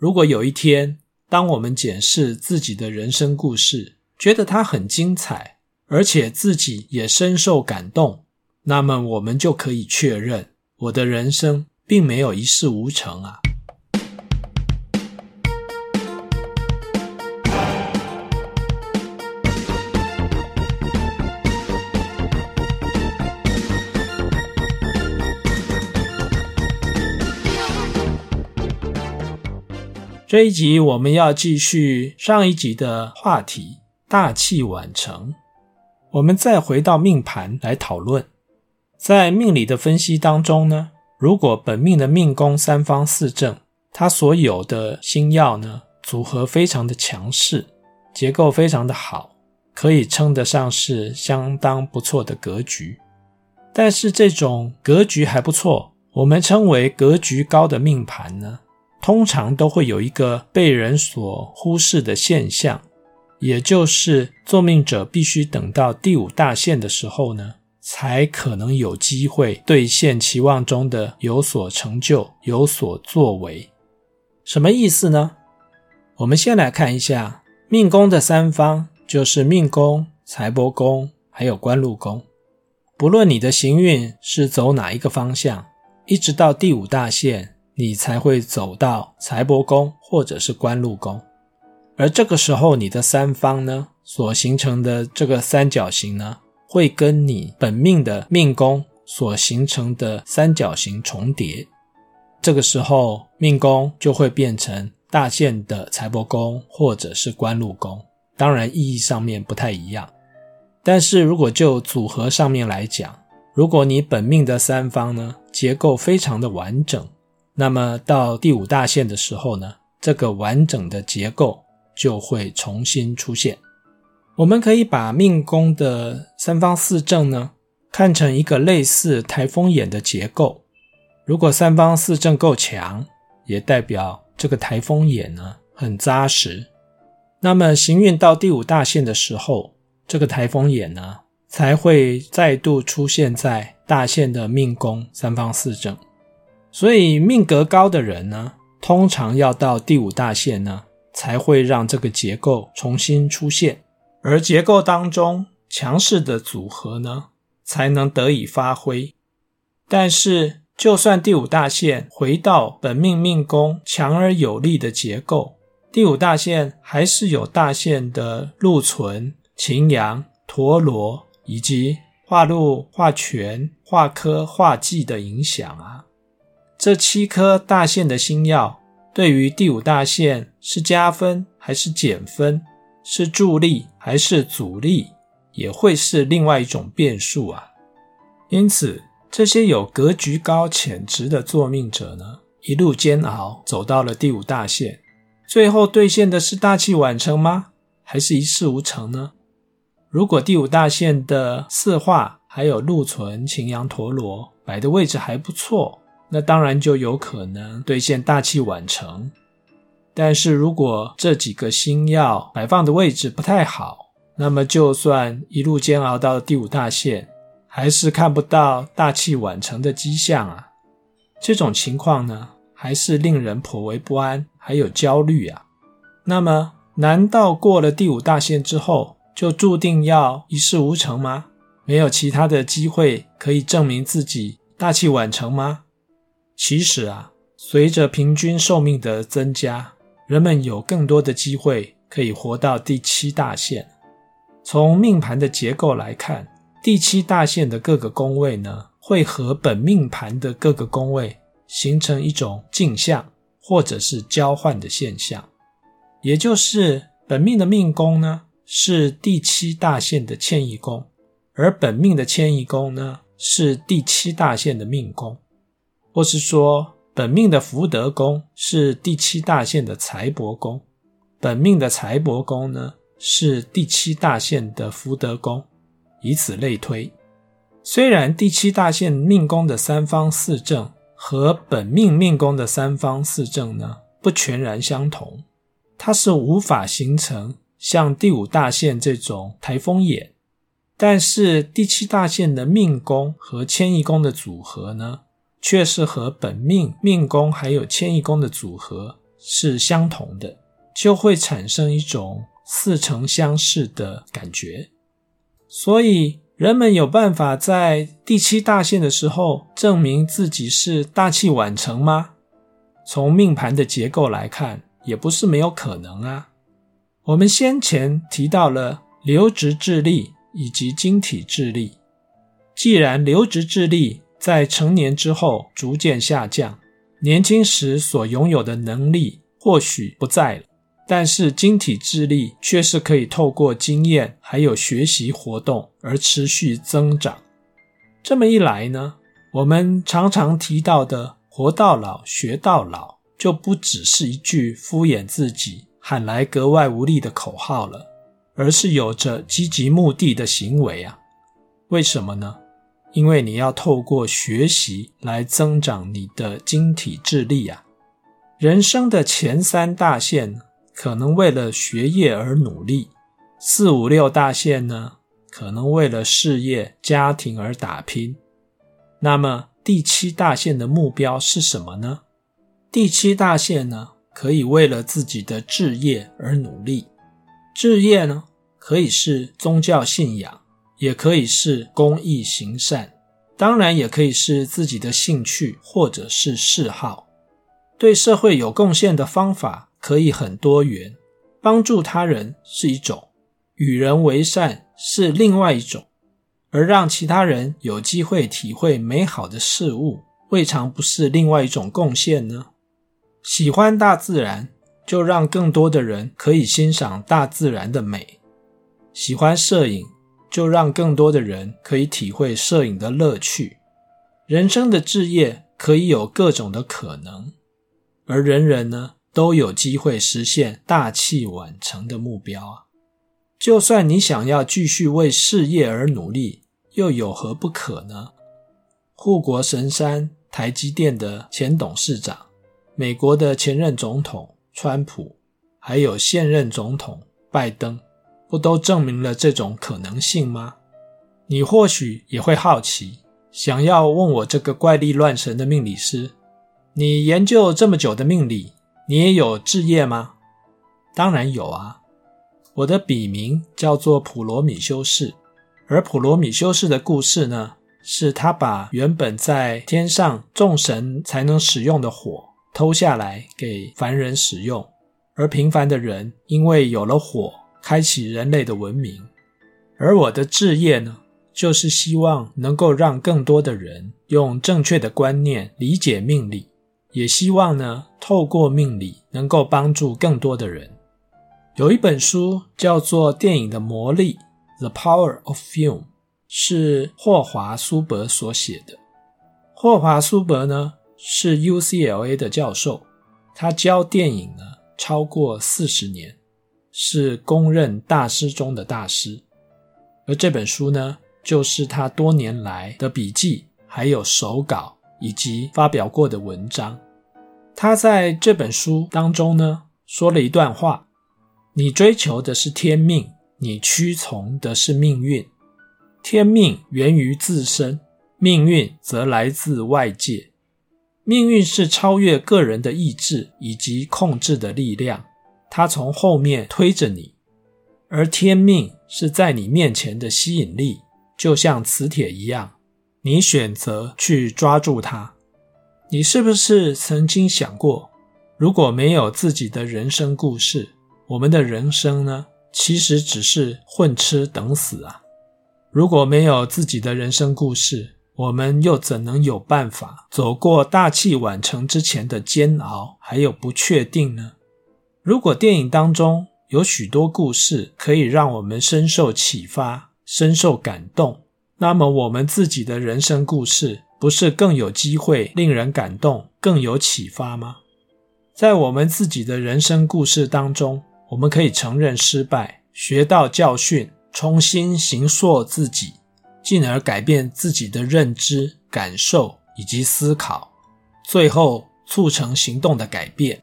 如果有一天，當我們檢視自己的人生故事，覺得它很精彩，而且自己也深受感動，那麼我們就可以確認，我的人生並沒有一事無成啊。這一集我們要繼續上一集的話題，大器晚成。我們再回到命盤來討論，在命理的分析當中呢，如果本命的命宮三方四正，它所有的星曜呢，組合非常的強勢，結構非常的好，可以稱得上是相當不錯的格局。但是這種格局還不錯，我們稱為格局高的命盤呢，通常都會有一個被人所忽視的現象，也就是坐命者必須等到第五大限的時候呢，才可能有機會兌現期望中的有所成就、有所作為。什麼意思呢？我們先來看一下命宮的三方，就是命宮、財帛宮還有官祿宮。不論你的行運是走哪一個方向，一直到第五大限。你才會走到財帛宮或者是官祿宮，而這個時候你的三方呢，所形成的這個三角形呢，會跟你本命的命宮所形成的三角形重疊，這個時候命宮就會變成大限的財帛宮或者是官祿宮，當然意義上面不太一樣，但是如果就組合上面來講，如果你本命的三方呢，結構非常的完整。那麼到第五大限的時候呢，這個完整的結構就會重新出現。我們可以把命宮的三方四正呢看成一個類似颱風眼的結構。如果三方四正夠強，也代表這個颱風眼呢很扎實。那麼行運到第五大限的時候，這個颱風眼呢才會再度出現在大限的命宮三方四正。所以命格高的人呢，通常要到第五大限呢，才會讓這個結構重新出現，而結構當中強勢的組合呢，才能得以發揮。但是，就算第五大限回到本命命宮強而有力的結構，第五大限還是有大限的祿存、擎羊、陀羅以及化祿、化權、化科、化忌的影響啊。這七顆大限的星曜，對於第五大限是加分還是減分？是助力還是阻力？也會是另外一種變數啊。因此，這些有格局高、潛質的坐命者呢，一路煎熬走到了第五大限，最後兌現的是大器晚成嗎？還是一事無成呢？如果第五大限的四化還有祿存、擎羊、陀羅擺的位置還不錯。那當然就有可能兌現大器晚成，但是如果這幾個星曜擺放的位置不太好，那麼就算一路煎熬到了第五大限，還是看不到大器晚成的跡象啊！這種情況呢，還是令人頗為不安，還有焦慮啊！那麼，難道過了第五大限之後，就注定要一事無成嗎？沒有其他的機會可以證明自己大器晚成嗎？其實啊，隨着平均壽命的增加，人們有更多的機會可以活到第七大限。從命盤的結構來看，第七大限的各個宮位呢，會和本命盤的各個宮位形成一種鏡像或者是交換的現象。也就是本命的命宮呢，是第七大限的遷移宮，而本命的遷移宮呢，是第七大限的命宮。或是說，本命的福德宮是第七大限的財帛宮，本命的財帛宮呢，是第七大限的福德宮，以此類推。雖然第七大限命宮的三方四正和本命命宮的三方四正呢，不全然相同，它是無法形成像第五大限這種颱風眼，但是第七大限的命宮和遷移宮的組合呢，卻是和本命命宮還有遷移宮的組合是相同的，就會產生一種似曾相識的感覺。所以，人們有辦法在第七大限的時候證明自己是大器晚成嗎？從命盤的結構來看，也不是沒有可能啊。我們先前提到了流質智力以及晶體智力，既然流質智力，在成年之後逐漸下降，年輕時所擁有的能力或許不在了，但是晶體智力卻是可以透過經驗還有學習活動而持續增長。這麼一來呢，我們常常提到的“活到老學到老”就不只是一句敷衍自己、喊來格外無力的口號了，而是有着積極目的的行為啊。為什麼呢？因為你要透過學習來增長你的晶體智力呀，啊。人生的前三大限呢，可能為了學業而努力，四五六大限呢，可能為了事業、家庭而打拼。那麼第七大限的目標是什麼呢？第七大限呢，可以為了自己的志業而努力。志業呢，可以是宗教信仰。也可以是公益行善，當然也可以是自己的興趣或者是嗜好。對社會有貢獻的方法可以很多元，幫助他人是一種，與人為善是另外一種，而讓其他人有機會體會美好的事物，未嘗不是另外一種貢獻呢？喜歡大自然，就讓更多的人可以欣賞大自然的美；喜歡攝影。就讓更多的人可以體會攝影的樂趣，人生的志業可以有各種的可能，而人人呢都有機會實現大器晚成的目標啊！就算你想要繼續為事業而努力，又有何不可呢？護國神山台積電的前董事長，美國的前任總統川普，還有現任總統拜登。不都證明了這種可能性嗎？你或許也會好奇，想要問我這個怪力亂神的命理師，你研究這麼久的命理，你也有志業嗎？當然有啊，我的筆名叫做普羅米修斯，而普羅米修斯的故事呢，是他把原本在天上眾神才能使用的火偷下來給凡人使用，而平凡的人因為有了火，開啟人類的文明，而我的志業呢，就是希望能夠讓更多的人用正確的觀念理解命理，也希望呢，透過命理能夠幫助更多的人。有一本書叫做《電影的魔力》（The Power of Film），是霍華·蘇伯所寫的。霍華·蘇伯呢，是 UCLA 的教授，他教電影呢超過四十年。是公認大師中的大師，而這本書呢，就是他多年來的筆記，還有手稿以及發表過的文章。他在這本書當中呢，說了一段話：你追求的是天命，你屈從的是命運。天命源於自身，命運則來自外界。命運是超越個人的意志以及控制的力量。他從後面推着你，而天命是在你面前的吸引力，就像磁鐵一樣，你選擇去抓住它。你是不是曾經想過，如果沒有自己的人生故事，我們的人生呢？其實只是混吃等死啊！如果沒有自己的人生故事，我們又怎能有辦法走過大器晚成之前的煎熬，還有不確定呢？如果電影當中有許多故事可以讓我們深受啟發、深受感動，那麼我們自己的人生故事不是更有機會令人感動、更有啟發嗎？在我們自己的人生故事當中，我們可以承認失敗，學到教訓，重新形塑自己，進而改變自己的認知、感受以及思考，最後促成行動的改變。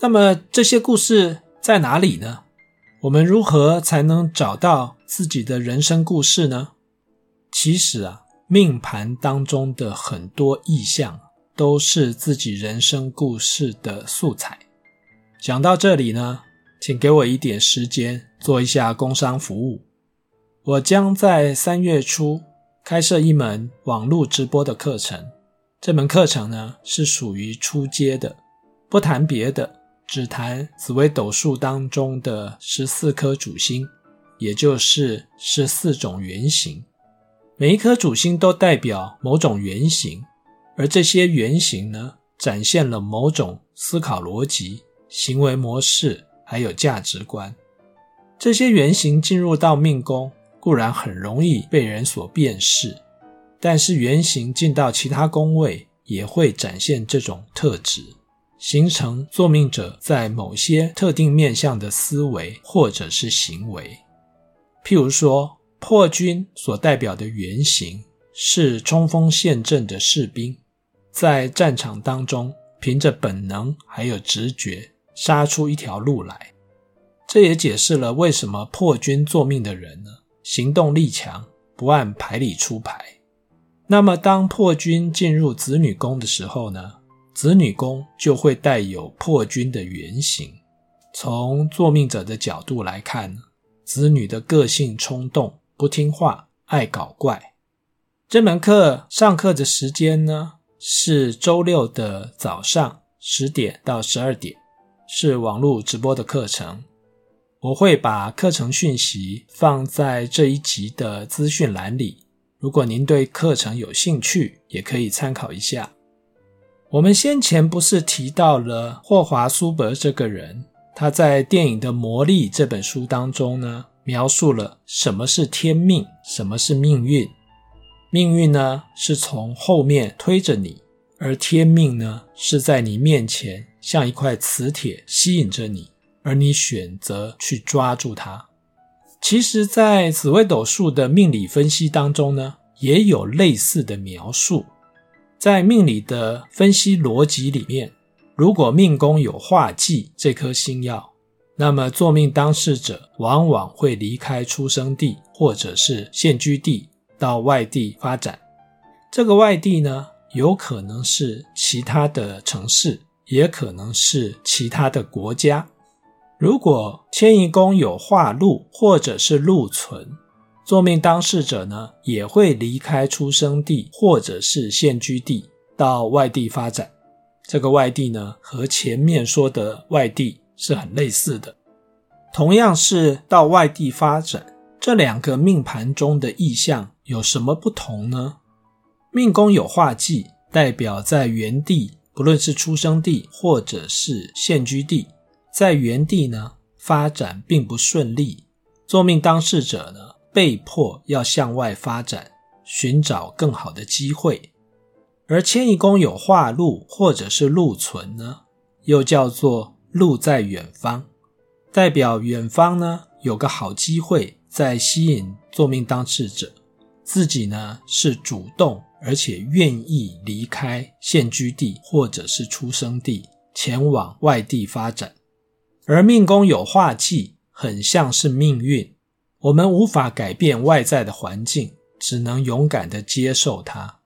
那麼這些故事在哪裡呢？我們如何才能找到自己的人生故事呢？其實啊，命盤當中的很多意象都是自己人生故事的素材。講到這裡呢，請給我一點時間做一下工商服務。我將在三月初開設一門網絡直播的課程，這門課程呢是屬於初階的，不談別的。只談紫微斗數當中的十四顆主星，也就是十四種原型。每一顆主星都代表某種原型，而這些原型呢，展現了某種思考邏輯、行為模式，還有價值觀。這些原型進入到命宮固然很容易被人所辨識，但是原型進到其他宮位，也會展現這種特質。形成作命者在某些特定面向的思維或者是行為，譬如說破軍所代表的原型是衝鋒陷陣的士兵，在戰場當中憑着本能還有直覺殺出一條路來。這也解釋了為什麼破軍作命的人呢，行動力強，不按牌理出牌。那麼當破軍進入子女宮的時候呢，子女宮就會帶有破軍的原型。從坐命者的角度來看，子女的個性衝動、不聽話、愛搞怪。這門課上課的時間呢，是週六的早上十點到十二點，是網絡直播的課程。我會把課程訊息放在這一集的資訊欄裡。如果您對課程有興趣，也可以參考一下。我們先前不是提到了霍華·蘇伯這個人，他在電影的《魔力》這本書當中呢，描述了什麼是天命，什麼是命運。命運呢是從後面推着你，而天命呢是在你面前，像一塊磁鐵吸引着你，而你選擇去抓住它。其實，在紫微斗數的命理分析當中呢，也有類似的描述。在命理的分析邏輯裡面，如果命宮有化忌這顆星曜，那麼坐命當事者往往會離開出生地或者是現居地到外地發展。這個外地呢，有可能是其他的城市，也可能是其他的國家。如果遷移宮有化祿或者是祿存，坐命當事者呢，也會離開出生地或者是現居地到外地發展。這個外地呢，和前面說的外地是很類似的，同樣是到外地發展。這兩個命盤中的意象有什麼不同呢？命宮有化忌，代表在原地，不論是出生地或者是現居地，在原地呢發展並不順利。坐命當事者呢，被迫要向外發展，尋找更好的機會。而遷移宮有化祿或者是祿存呢，又叫做“祿在遠方”，代表遠方呢有個好機會在吸引坐命當事者。自己呢是主動而且願意離開現居地或者是出生地，前往外地發展。而命宮有化忌，很像是命運。我們無法改變外在的環境，只能勇敢地接受它。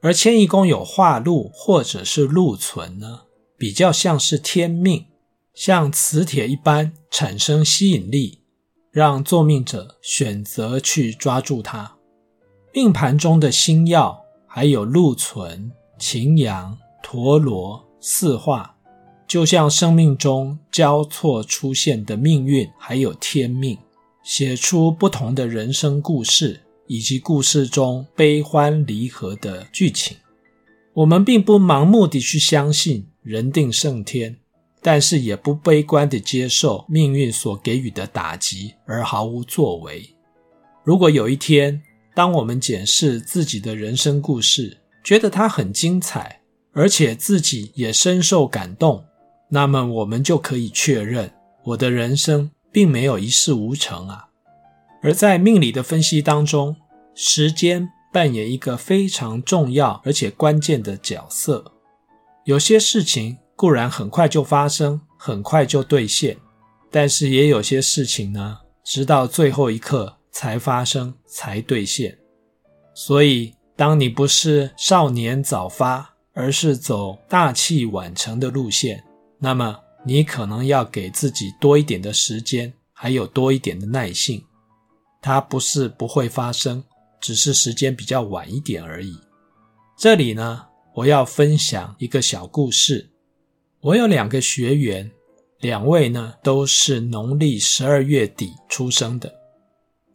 而遷移宮有化祿或者是祿存呢，比較像是天命，像磁鐵一般產生吸引力，讓作命者選擇去抓住它。命盤中的星曜還有祿存、擎羊、陀羅、四化，就像生命中交錯出現的命運，還有天命。寫出不同的人生故事，以及故事中悲歡離合的劇情。我們並不盲目的去相信人定勝天，但是也不悲觀的接受命運所給予的打擊而毫無作為。如果有一天，當我們檢視自己的人生故事，覺得它很精彩，而且自己也深受感動，那麼我們就可以確認我的人生，並沒有一事無成啊，而在命理的分析當中，時間扮演一個非常重要而且關鍵的角色。有些事情固然很快就發生，很快就兌現，但是也有些事情呢，直到最後一刻才發生，才兌現。所以，當你不是少年早發，而是走大器晚成的路線，那麼。你可能要給自己多一點的時間，還有多一點的耐性。它不是不會發生，只是時間比較晚一點而已。這裡呢，我要分享一個小故事。我有兩個學員，兩位呢都是農曆十二月底出生的，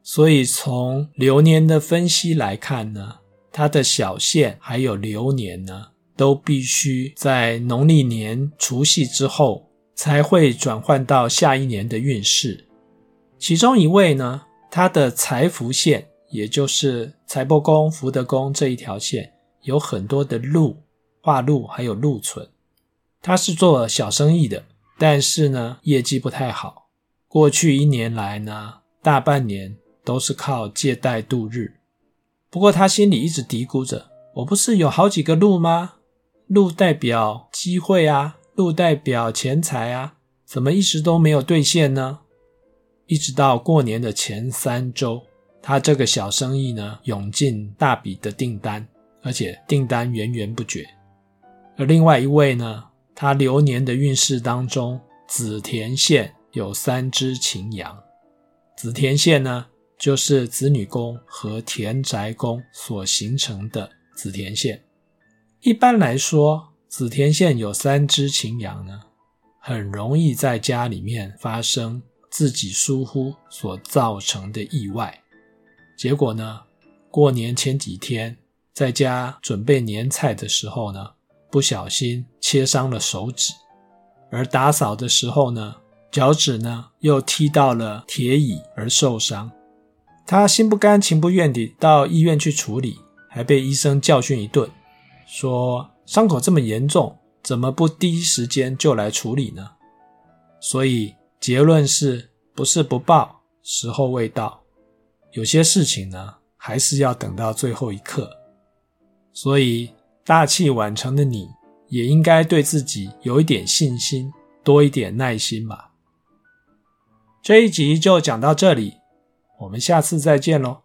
所以從流年的分析來看呢，他的小限還有流年呢，都必須在農曆年除夕之後。才會轉換到下一年的運勢。其中一位呢，他的財福線，也就是財帛宮、福德宮這一條線，有很多的祿、化祿，還有祿存。他是做小生意的，但是呢，業績不太好。過去一年來呢，大半年都是靠借貸度日。不過他心裡一直嘀咕着：“我不是有好幾個祿嗎？祿代表機會啊。”祿代表錢財啊，怎麼一直都沒有兌現呢？一直到過年的前三周，他這個小生意呢，湧進大筆的訂單，而且訂單源源不絕。而另外一位呢，他流年的運勢當中，紫田線有三隻擎羊。紫田線呢，就是子女宮和田宅宮所形成的紫田線。一般來說，子田線有三隻擎羊呢，很容易在家裡面發生自己疏忽所造成的意外。結果呢，過年前幾天在家準備年菜的時候呢，不小心切傷了手指；而打掃的時候呢，腳趾呢又踢到了鐵椅而受傷。他心不甘情不願地到醫院去處理，還被醫生教訓一頓，說。傷口這麼嚴重，怎麼不第一時間就來處理呢？所以結論是，不是不報，時候未到。有些事情呢，還是要等到最後一刻。所以大器晚成的你，也應該對自己有一點信心，多一點耐心吧。這一集就講到這裡，我們下次再見嘍。